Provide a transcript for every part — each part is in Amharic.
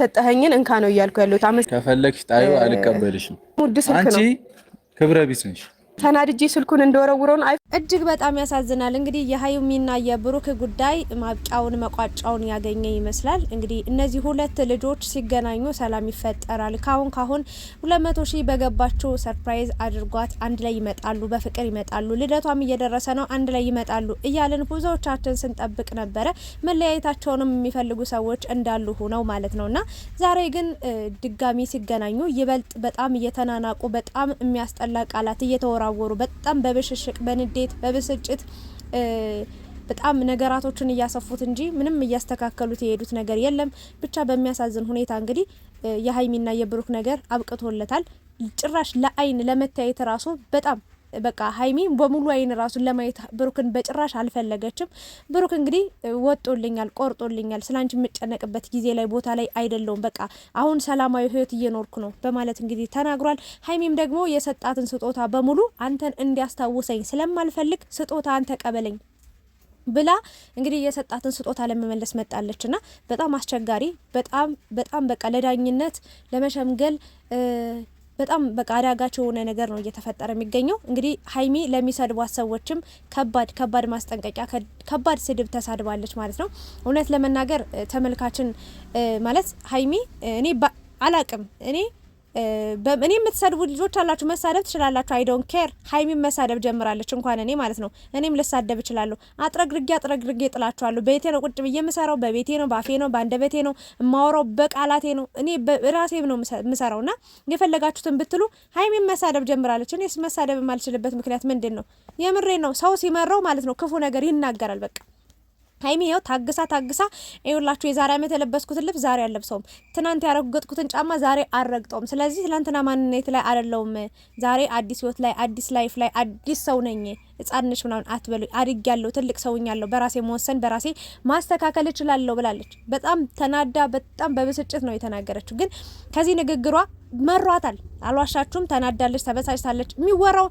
ሰጠኸኝን እንካ ነው እያልኩ ያለሁት። ከፈለግሽ ጣዩ አልቀበልሽም። አንቺ ክብረ ቢስ ነሽ። ተናድጄ ስልኩን እንደወረውረውን አይ እጅግ በጣም ያሳዝናል። እንግዲህ የሀይሚና የብሩክ ጉዳይ ማብቂያውን መቋጫውን ያገኘ ይመስላል። እንግዲህ እነዚህ ሁለት ልጆች ሲገናኙ ሰላም ይፈጠራል። ካሁን ካሁን ሁለት መቶ ሺህ በገባቸው ሰርፕራይዝ አድርጓት አንድ ላይ ይመጣሉ፣ በፍቅር ይመጣሉ፣ ልደቷም እየደረሰ ነው፣ አንድ ላይ ይመጣሉ እያልን ብዙዎቻችን ስንጠብቅ ነበረ። መለያየታቸውንም የሚፈልጉ ሰዎች እንዳሉ ሆነው ማለት ነውና ዛሬ ግን ድጋሚ ሲገናኙ ይበልጥ በጣም እየተናናቁ በጣም የሚያስጠላ ቃላት እየተወራ እየተወራወሩ በጣም በብሽሽቅ በንዴት በብስጭት በጣም ነገራቶችን እያሰፉት እንጂ ምንም እያስተካከሉት የሄዱት ነገር የለም። ብቻ በሚያሳዝን ሁኔታ እንግዲህ የሀይሚና የብሩክ ነገር አብቅቶለታል። ጭራሽ ለአይን ለመታየት ራሱ በጣም በቃ ሀይሚ በሙሉ አይን ራሱን ለማየት ብሩክን በጭራሽ አልፈለገችም። ብሩክ እንግዲህ ወጦልኛል፣ ቆርጦልኛል፣ ስላንቺ የምጨነቅበት ጊዜ ላይ ቦታ ላይ አይደለውም፣ በቃ አሁን ሰላማዊ ህይወት እየኖርኩ ነው በማለት እንግዲህ ተናግሯል። ሀይሚም ደግሞ የሰጣትን ስጦታ በሙሉ አንተን እንዲያስታውሰኝ ስለማልፈልግ ስጦታ አንተ ቀበለኝ ብላ እንግዲህ የሰጣትን ስጦታ ለመመለስ መጣለች ና በጣም አስቸጋሪ በጣም በጣም በቃ ለዳኝነት ለመሸምገል በጣም በቃ አዳጋች የሆነ ነገር ነው እየተፈጠረ የሚገኘው። እንግዲህ ሀይሚ ለሚሰድቧት ሰዎችም ከባድ ከባድ ማስጠንቀቂያ፣ ከባድ ስድብ ተሳድባለች ማለት ነው። እውነት ለመናገር ተመልካችን ማለት ሀይሚ እኔ አላቅም እኔ እኔ የምትሰድቡ ልጆች አላችሁ፣ መሳደብ ትችላላችሁ። አይዶን ኬር ሀይሚን መሳደብ ጀምራለች፣ እንኳን እኔ ማለት ነው። እኔም ልሳደብ እችላለሁ። አጥረግርጌ አጥረግርጌ ጥላችኋለሁ። ቤቴ ነው ቁጭ ብዬ የምሰራው፣ በቤቴ ነው፣ በአፌ ነው፣ በአንደበቴ ነው የማወራው፣ በቃላቴ ነው። እኔ በራሴ ነው የምሰራው እና የፈለጋችሁትን ብትሉ። ሀይሚን መሳደብ ጀምራለች። እኔስ መሳደብ የማልችልበት ምክንያት ምንድን ነው? የምሬ ነው። ሰው ሲመራው ማለት ነው ክፉ ነገር ይናገራል በቃ ሀይሚ ይኸው ታግሳ ታግሳ ይኸውላችሁ የዛሬ አመት የለበስኩትን ልብስ ዛሬ አለብሰውም ትናንት ያረገጥኩትን ጫማ ዛሬ አልረግጠውም። ስለዚህ ትናንትና ማንነት ላይ አይደለውም። ዛሬ አዲስ ህይወት ላይ አዲስ ላይፍ ላይ አዲስ ሰው ነኝ። ህጻን ነሽ ምናምን አትበሉ። ያለው ትልቅ ያለው በራሴ መወሰን በራሴ ማስተካከል እችላለሁ ብላለች። በጣም ተናዳ፣ በጣም በብስጭት ነው የተናገረችው። ግን ከዚህ ንግግሯ መሯታል። አልዋሻችሁም፣ ተናዳለች፣ ተበሳጭታለች። የሚወራው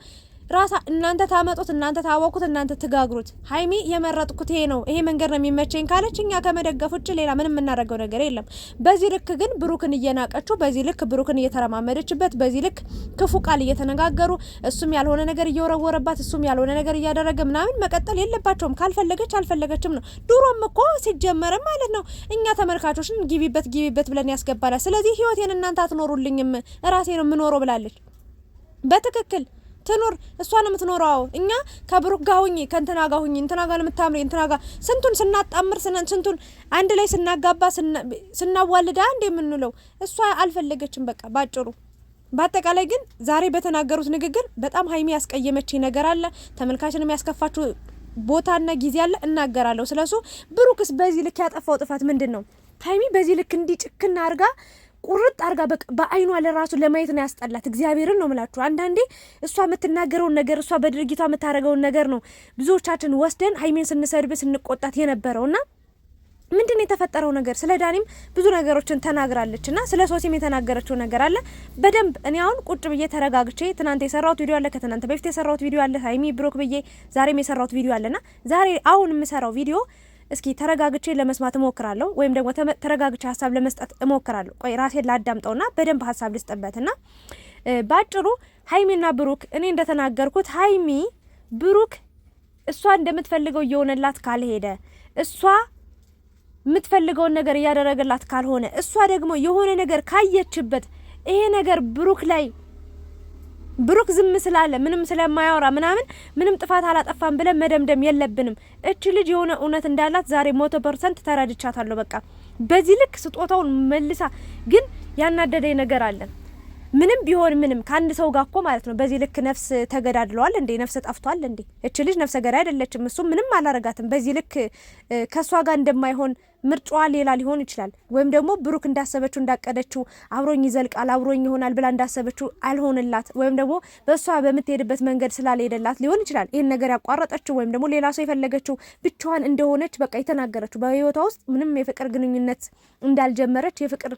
ራሳ እናንተ ታመጡት፣ እናንተ ታወቁት፣ እናንተ ትጋግሩት። ሀይሚ የመረጥኩት ይሄ ነው፣ ይሄ መንገድ ነው የሚመቸኝ ካለች እኛ ከመደገፍ ውጭ ሌላ ምንም የምናደርገው ነገር የለም። በዚህ ልክ ግን ብሩክን እየናቀችው፣ በዚህ ልክ ብሩክን እየተረማመደችበት፣ በዚህ ልክ ክፉ ቃል እየተነጋገሩ፣ እሱም ያልሆነ ነገር እየወረወረባት፣ እሱም ያልሆነ ነገር እያደረገ ምናምን መቀጠል የለባቸውም። ካልፈለገች አልፈለገችም ነው። ድሮም እኮ ሲጀመርም ማለት ነው እኛ ተመልካቾችን ግቢበት ጊቢበት ብለን ያስገባላል። ስለዚህ ህይወቴን እናንተ አትኖሩልኝም ራሴ ነው የምኖረው ብላለች በትክክል ትኑር፣ እሷ ነው የምትኖረው። እኛ ከብሩክ ጋር ሁኚ፣ ከእንትና ጋር ሁኚ፣ እንትና ጋር የምታምሪ እንትና ጋር ስንቱን ስናጣምር ስንቱን አንድ ላይ ስናጋባ ስናዋልዳ እንደ የምንለው እሷ አልፈለገችም። በቃ ባጭሩ በአጠቃላይ ግን ዛሬ በተናገሩት ንግግር በጣም ሀይሚ ያስቀየመች ነገር አለ። ተመልካችንም ያስከፋችሁ ቦታና ጊዜ አለ፣ እናገራለሁ ስለሱ። ብሩክስ በዚህ ልክ ያጠፋው ጥፋት ምንድን ነው? ሀይሚ በዚህ ልክ እንዲህ ጭክና ቁርጥ አርጋ በአይኗ ለራሱ ለማየት ነው ያስጠላት። እግዚአብሔርን ነው ምላችሁ። አንዳንዴ እሷ የምትናገረውን ነገር እሷ በድርጊቷ የምታደርገውን ነገር ነው ብዙዎቻችን ወስደን ሀይሜን ስንሰድብ ስንቆጣት የነበረውና ምንድን ነው የተፈጠረው ነገር? ስለ ዳኒም ብዙ ነገሮችን ተናግራለች እና ስለ ሶሲም የተናገረችው ነገር አለ። በደንብ እኔ አሁን ቁጭ ብዬ ተረጋግቼ ትናንት የሰራሁት ቪዲዮ አለ፣ ከትናንት በፊት የሰራሁት ቪዲዮ አለ፣ ሀይሚ ብሮክ ብዬ ዛሬም የሰራሁት ቪዲዮ አለና ዛሬ አሁን የምሰራው ቪዲዮ እስኪ ተረጋግቼ ለመስማት እሞክራለሁ፣ ወይም ደግሞ ተረጋግቼ ሀሳብ ለመስጠት እሞክራለሁ። ቆይ ራሴን ላዳምጠውና በደንብ ሀሳብ ልስጥበትና በአጭሩ ሀይሚና ብሩክ እኔ እንደተናገርኩት ሀይሚ ብሩክ እሷ እንደምትፈልገው እየሆነላት ካልሄደ እሷ የምትፈልገውን ነገር እያደረገላት ካልሆነ እሷ ደግሞ የሆነ ነገር ካየችበት ይሄ ነገር ብሩክ ላይ ብሩክ ዝም ስላለ ምንም ስለማያወራ ምናምን ምንም ጥፋት አላጠፋም ብለን መደምደም የለብንም። እች ልጅ የሆነ እውነት እንዳላት ዛሬ መቶ ፐርሰንት ተረድቻታለሁ። በቃ በዚህ ልክ ስጦታውን መልሳ ግን ያናደደኝ ነገር አለን ምንም ቢሆን ምንም ከአንድ ሰው ጋር እኮ ማለት ነው። በዚህ ልክ ነፍስ ተገዳድለዋል እንዴ? ነፍስ ጠፍቷል እንዴ? እች ልጅ ነፍሰ ገዳይ አይደለችም። እሱ ምንም አላረጋትም። በዚህ ልክ ከእሷ ጋር እንደማይሆን ምርጫዋ ሌላ ሊሆን ይችላል። ወይም ደግሞ ብሩክ እንዳሰበችው እንዳቀደችው አብሮኝ ይዘልቃል አብሮኝ ይሆናል ብላ እንዳሰበችው አልሆንላት ወይም ደግሞ በእሷ በምትሄድበት መንገድ ስላልሄደላት ሊሆን ይችላል ይህን ነገር ያቋረጠችው ወይም ደግሞ ሌላ ሰው የፈለገችው ብቻዋን እንደሆነች በቃ የተናገረችው በህይወቷ ውስጥ ምንም የፍቅር ግንኙነት እንዳልጀመረች የፍቅር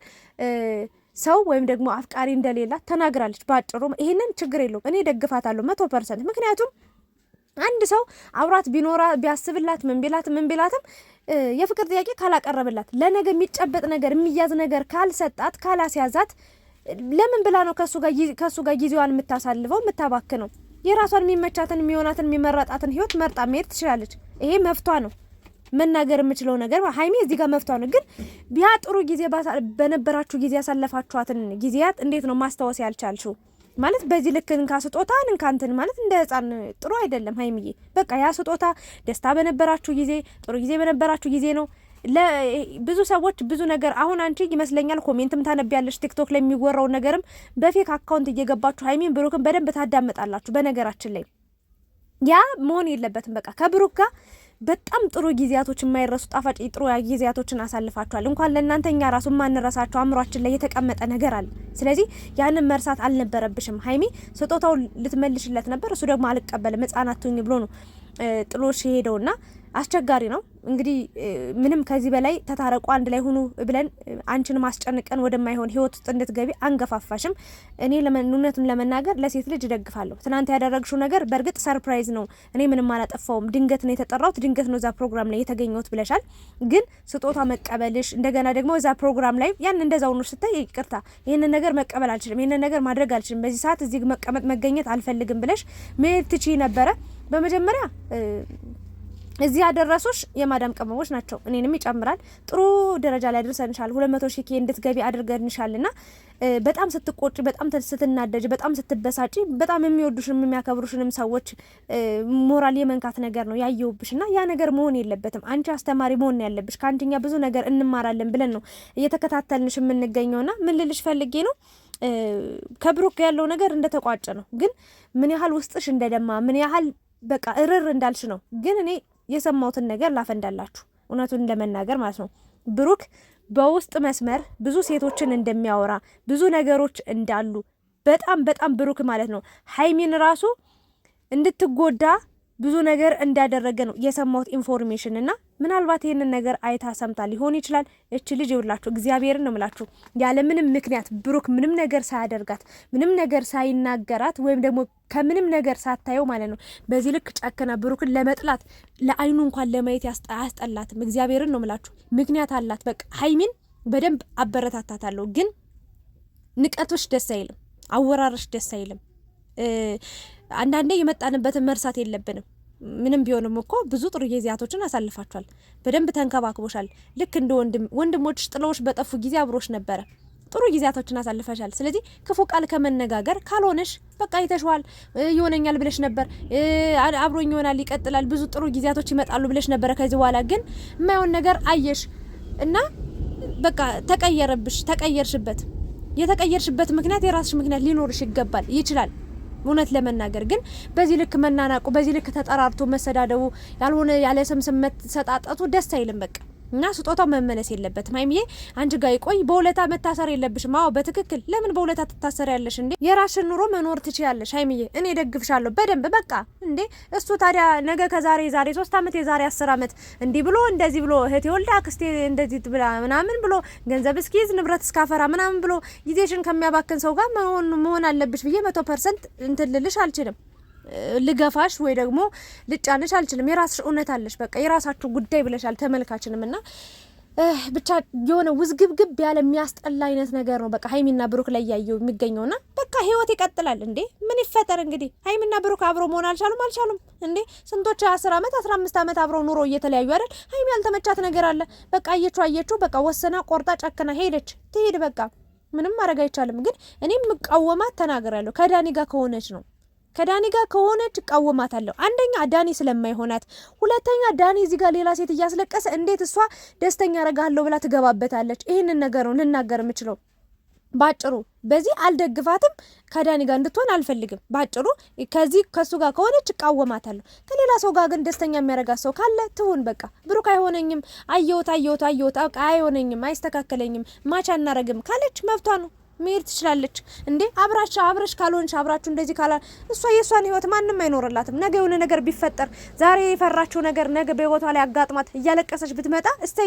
ሰው ወይም ደግሞ አፍቃሪ እንደሌላት ተናግራለች። በአጭሩ ይህንን ችግር የለውም እኔ ደግፋታለሁ መቶ ፐርሰንት ምክንያቱም አንድ ሰው አብሯት ቢኖራ ቢያስብላት ምን ቢላት ምን ቢላትም የፍቅር ጥያቄ ካላቀረብላት ለነገ የሚጨበጥ ነገር የሚያዝ ነገር ካልሰጣት ካላስያዛት ለምን ብላ ነው ከእሱ ጋር ጊዜዋን የምታሳልፈው የምታባክነው? የራሷን የሚመቻትን የሚሆናትን የሚመረጣትን ህይወት መርጣ መሄድ ትችላለች። ይሄ መፍቷ ነው። መናገር የምችለው ነገር ሀይሜ እዚህ ጋር መፍቷ ነው። ግን ቢያ ጥሩ ጊዜ በነበራችሁ ጊዜ ያሳለፋችኋትን ጊዜያት እንዴት ነው ማስታወስ ያልቻልሽው? ማለት በዚህ ልክ እንካ ስጦታ እንካ እንትን ማለት እንደ ህፃን ጥሩ አይደለም። ሀይሚዬ በቃ ያ ስጦታ ደስታ በነበራችሁ ጊዜ ጥሩ ጊዜ በነበራችሁ ጊዜ ነው። ብዙ ሰዎች ብዙ ነገር አሁን አንቺ ይመስለኛል ኮሜንትም ታነቢያለሽ፣ ቲክቶክ ላይ የሚወራው ነገርም በፌክ አካውንት እየገባችሁ ሀይሚን ብሩክን በደንብ ታዳምጣላችሁ። በነገራችን ላይ ያ መሆን የለበትም። በቃ ከብሩክ ጋር በጣም ጥሩ ጊዜያቶች የማይረሱ ጣፋጭ ጥሩ ጊዜያቶችን አሳልፋችኋል። እንኳን ለእናንተኛ ራሱ ማንረሳቸው አእምሯችን ላይ የተቀመጠ ነገር አለ። ስለዚህ ያንን መርሳት አልነበረብሽም ሀይሚ። ስጦታው ልትመልሽለት ነበር፣ እሱ ደግሞ አልቀበልም ህጻናት ብሎ ነው ጥሎ ና አስቸጋሪ ነው እንግዲህ ምንም ከዚህ በላይ ተታረቁ፣ አንድ ላይ ሁኑ ብለን አንቺን ማስጨንቀን ወደማይሆን ህይወት ውስጥ እንድትገቢ አንገፋፋሽም። እኔ እውነቱን ለመናገር ለሴት ልጅ እደግፋለሁ። ትናንት ያደረግሽው ነገር በእርግጥ ሰርፕራይዝ ነው። እኔ ምንም አላጠፋውም፣ ድንገት ነው የተጠራሁት፣ ድንገት ነው እዛ ፕሮግራም ላይ የተገኘሁት ብለሻል። ግን ስጦታ መቀበልሽ እንደገና ደግሞ እዛ ፕሮግራም ላይ ያን እንደዛ ነው ስታይ፣ ይቅርታ ይህንን ነገር መቀበል አልችልም፣ ይህንን ነገር ማድረግ አልችልም፣ በዚህ ሰዓት እዚህ መቀመጥ መገኘት አልፈልግም ብለሽ መሄድ ትችይ ነበረ በመጀመሪያ እዚህ ያደረሱሽ የማዳም ቅመሞች ናቸው። እኔንም ይጨምራል። ጥሩ ደረጃ ላይ አድርሰንሻል። ሁለት መቶ ሺህ ኬ እንድትገቢ አድርገንሻል እና በጣም ስትቆጪ፣ በጣም ስትናደጅ፣ በጣም ስትበሳጪ፣ በጣም የሚወዱሽንም የሚያከብሩሽንም ሰዎች ሞራል የመንካት ነገር ነው ያየውብሽ ያ ነገር መሆን የለበትም። አንቺ አስተማሪ መሆን ያለብሽ ከአንቺኛ ብዙ ነገር እንማራለን ብለን ነው እየተከታተልንሽ የምንገኘው ና ምን ልልሽ ፈልጌ ነው ከብሩክ ያለው ነገር እንደተቋጨ ነው። ግን ምን ያህል ውስጥሽ እንደደማ ምን ያህል በቃ እርር እንዳልሽ ነው። ግን እኔ የሰማሁትን ነገር ላፈንዳላችሁ እውነቱን ለመናገር ማለት ነው። ብሩክ በውስጥ መስመር ብዙ ሴቶችን እንደሚያወራ ብዙ ነገሮች እንዳሉ በጣም በጣም ብሩክ ማለት ነው ሀይሚን ራሱ እንድትጎዳ ብዙ ነገር እንዳደረገ ነው የሰማሁት ኢንፎርሜሽን እና ምናልባት ይህንን ነገር አይታ ሰምታ ሊሆን ይችላል። እች ልጅ ይውላችሁ እግዚአብሔርን ነው ምላችሁ ያለምንም ምክንያት ብሩክ ምንም ነገር ሳያደርጋት ምንም ነገር ሳይናገራት ወይም ደግሞ ከምንም ነገር ሳታየው ማለት ነው በዚህ ልክ ጨክና ብሩክን ለመጥላት ለአይኑ እንኳን ለማየት አያስጠላትም። እግዚአብሔርን ነው ምላችሁ ምክንያት አላት። በቃ ሀይሚን በደንብ አበረታታታለሁ፣ ግን ንቀቶች ደስ አይልም፣ አወራረሽ ደስ አይልም። አንዳንዴ የመጣንበትን መርሳት የለብንም። ምንም ቢሆንም እኮ ብዙ ጥሩ ጊዜያቶችን አሳልፋችኋል። በደንብ ተንከባክቦሻል። ልክ እንደ ወንድም ወንድሞችሽ በጠፉ ጊዜ አብሮች ነበረ። ጥሩ ጊዜያቶችን አሳልፈሻል። ስለዚህ ክፉ ቃል ከመነጋገር ካልሆነሽ በቃ ይተሸዋል ይሆነኛል ብለሽ ነበር፣ አብሮኝ ይሆናል፣ ይቀጥላል፣ ብዙ ጥሩ ጊዜያቶች ይመጣሉ ብለሽ ነበረ። ከዚህ በኋላ ግን የማይሆን ነገር አየሽ እና በቃ ተቀየረብሽ፣ ተቀየርሽበት። የተቀየርሽበት ምክንያት የራስሽ ምክንያት ሊኖርሽ ይገባል ይችላል እውነት ለመናገር ግን በዚህ ልክ መናናቁ፣ በዚህ ልክ ተጠራርቶ መሰዳደቡ፣ ያልሆነ ያለ ስም ስም መሰጣጠቱ ደስ አይልም በቃ እና ስጦታው መመለስ የለበትም። ሀይሚዬ አንቺ ጋር ይቆይ። በሁለታ መታሰር የለብሽም። አዎ በትክክል ለምን በሁለታ ትታሰር ያለሽ እንዴ? የራሽን ኑሮ መኖር ትችያለሽ ሀይሚዬ። እኔ ደግፍሻለሁ በደንብ በቃ እንዴ። እሱ ታዲያ ነገ ከዛሬ ዛሬ ሶስት አመት የዛሬ አስር አመት እንዲህ ብሎ እንደዚህ ብሎ እህቴ ወልዳ አክስቴ እንደዚህ ብላ ምናምን ብሎ ገንዘብ እስኪይዝ ንብረት እስካፈራ ምናምን ብሎ ጊዜሽን ከሚያባክን ሰው ጋር መሆን መሆን አለብሽ ብዬ መቶ ፐርሰንት እንትልልሽ አልችልም። ልገፋሽ ወይ ደግሞ ልጫነሽ አልችልም። የራስሽ እውነት አለሽ። በቃ የራሳችሁ ጉዳይ ብለሻል ተመልካችንም እና ብቻ የሆነ ውዝግብግብ ያለ የሚያስጠላ አይነት ነገር ነው። በቃ ሀይሚና ብሩክ ላይ የሚገኘው የሚገኘውና በቃ ህይወት ይቀጥላል እንዴ! ምን ይፈጠር እንግዲህ። ሀይሚና ብሩክ አብሮ መሆን አልቻሉም አልቻሉም እንዴ! ስንቶች አስር አመት አስራ አምስት አመት አብረው ኑሮ እየተለያዩ አይደል? ሀይሚ ያልተመቻት ነገር አለ። በቃ አየችው አየችው፣ በቃ ወሰና፣ ቆርጣ፣ ጨክና ሄደች። ትሄድ በቃ ምንም ማድረግ አይቻልም። ግን እኔም ምቃወማት ተናገራለሁ ከዳኒ ጋር ከሆነች ነው ከዳኒ ጋር ከሆነች እቃወማታለሁ። አንደኛ ዳኒ ስለማይሆናት፣ ሁለተኛ ዳኒ እዚህ ጋር ሌላ ሴት እያስለቀሰ እንዴት እሷ ደስተኛ አረጋለሁ ብላ ትገባበታለች? ይህንን ነገር ነው ልናገር የምችለው ባጭሩ። በዚህ አልደግፋትም። ከዳኒ ጋር እንድትሆን አልፈልግም። ባጭሩ ከዚህ ከሱ ጋር ከሆነች እቃወማታለሁ። ከሌላ ሰው ጋር ግን ደስተኛ የሚያደርጋት ሰው ካለ ትሁን። በቃ ብሩክ አይሆነኝም፣ አየሁት አየሁት አየሁት፣ አይሆነኝም፣ አይስተካከለኝም፣ ማች አናረግም ካለች መብቷ ነው። መሄድ ትችላለች እንዴ? አብራች አብረሽ ካልሆንሽ አብራችሁ እንደዚህ ካላ እሷ የእሷን ህይወት ማንም አይኖርላትም። ነገ የሆነ ነገር ቢፈጠር ዛሬ የፈራችው ነገር ነገ በህይወቷ ላይ አጋጥማት እያለቀሰች ብትመጣ እስቲ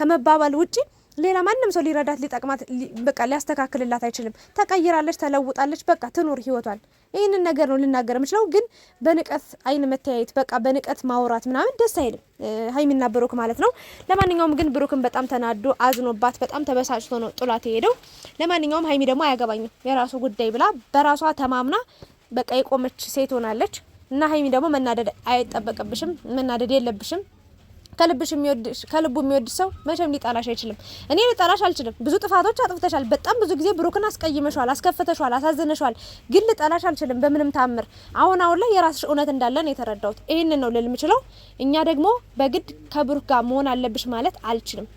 ከመባባል ውጪ ሌላ ማንም ሰው ሊረዳት ሊጠቅማት በቃ ሊያስተካክልላት አይችልም። ተቀይራለች፣ ተለውጣለች፣ በቃ ትኑር ህይወቷን። ይህንን ነገር ነው ልናገር የምችለው። ግን በንቀት አይን መተያየት፣ በቃ በንቀት ማውራት ምናምን ደስ አይልም፣ ሀይሚና ብሩክ ማለት ነው። ለማንኛውም ግን ብሩክን በጣም ተናዶ አዝኖባት በጣም ተበሳጭቶ ነው ጥላት የሄደው። ለማንኛውም ሀይሚ ደግሞ አያገባኝም የራሱ ጉዳይ ብላ በራሷ ተማምና በቃ የቆመች ሴት ሆናለች። እና ሀይሚ ደግሞ መናደድ አይጠበቅብሽም፣ መናደድ የለብሽም። ከልቡ የሚወድ ሰው መቼም ሊጠላሽ አይችልም። እኔ ሊጠላሽ አልችልም። ብዙ ጥፋቶች አጥፍተሻል። በጣም ብዙ ጊዜ ብሩክን አስቀይመሽዋል አስከፈተሽዋል አሳዝነሻል። ግን ልጠላሽ አልችልም በምንም ታምር። አሁን አሁን ላይ የራስሽ እውነት እንዳለ ነው የተረዳሁት። ይህንን ነው ልል የምችለው። እኛ ደግሞ በግድ ከብሩክ ጋር መሆን አለብሽ ማለት አልችልም።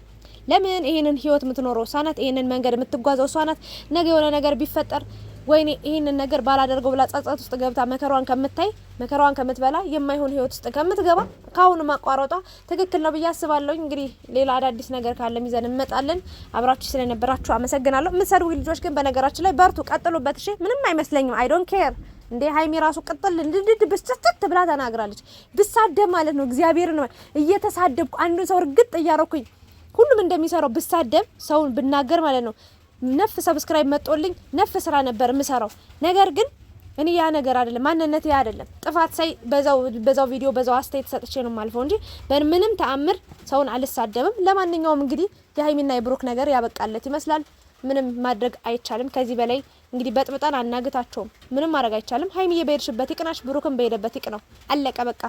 ለምን ይህንን ህይወት የምትኖረው እሷ ናት። ይህንን መንገድ የምትጓዘው እሷ ናት። ነገ የሆነ ነገር ቢፈጠር ወይኔ ይህንን ነገር ባላደርገው ብላ ጸጸት ውስጥ ገብታ መከሯን ከምታይ መከሯን ከምትበላ የማይሆን ህይወት ውስጥ ከምትገባ ከአሁኑ ማቋረጧ ትክክል ነው ብዬ አስባለሁ። እንግዲህ ሌላ አዳዲስ ነገር ካለም ይዘን እንመጣለን። አብራችሁ ስለነበራችሁ አመሰግናለሁ። የምትሰድቡ ልጆች ግን በነገራችን ላይ በርቱ፣ ቀጥሉበት። እሺ ምንም አይመስለኝም። አይ ዶንት ኬር እንዴ ሀይሚ ራሱ ቅጥል እንድድድ ብስጭት ብላ ተናግራለች። ብሳደብ ማለት ነው እግዚአብሔር ነው እየተሳደብኩ አንዱን ሰው እርግጥ እያረኩኝ ሁሉም እንደሚሰራው ብሳደብ ሰውን ብናገር ማለት ነው ነፍ ሰብስክራይብ መጦልኝ ነፍ ስራ ነበር የምሰራው። ነገር ግን እኔ ያ ነገር አይደለም ማንነት ያ አይደለም ጥፋት ሳይ በዛው በዛው ቪዲዮ በዛው አስተያየት ሰጥቼ ነው የማልፈው እንጂ በምንም ተአምር ሰውን አልሳደብም። ለማንኛውም እንግዲህ የሀይሚና የብሩክ ነገር ያበቃለት ይመስላል። ምንም ማድረግ አይቻልም። ከዚህ በላይ እንግዲህ በጥብጠን አናግታቸውም። ምንም ማድረግ አይቻልም። ሀይሚዬ በሄድሽበት ይቅናሽ፣ ብሩክን በሄደበት ነው። አለቀ በቃ።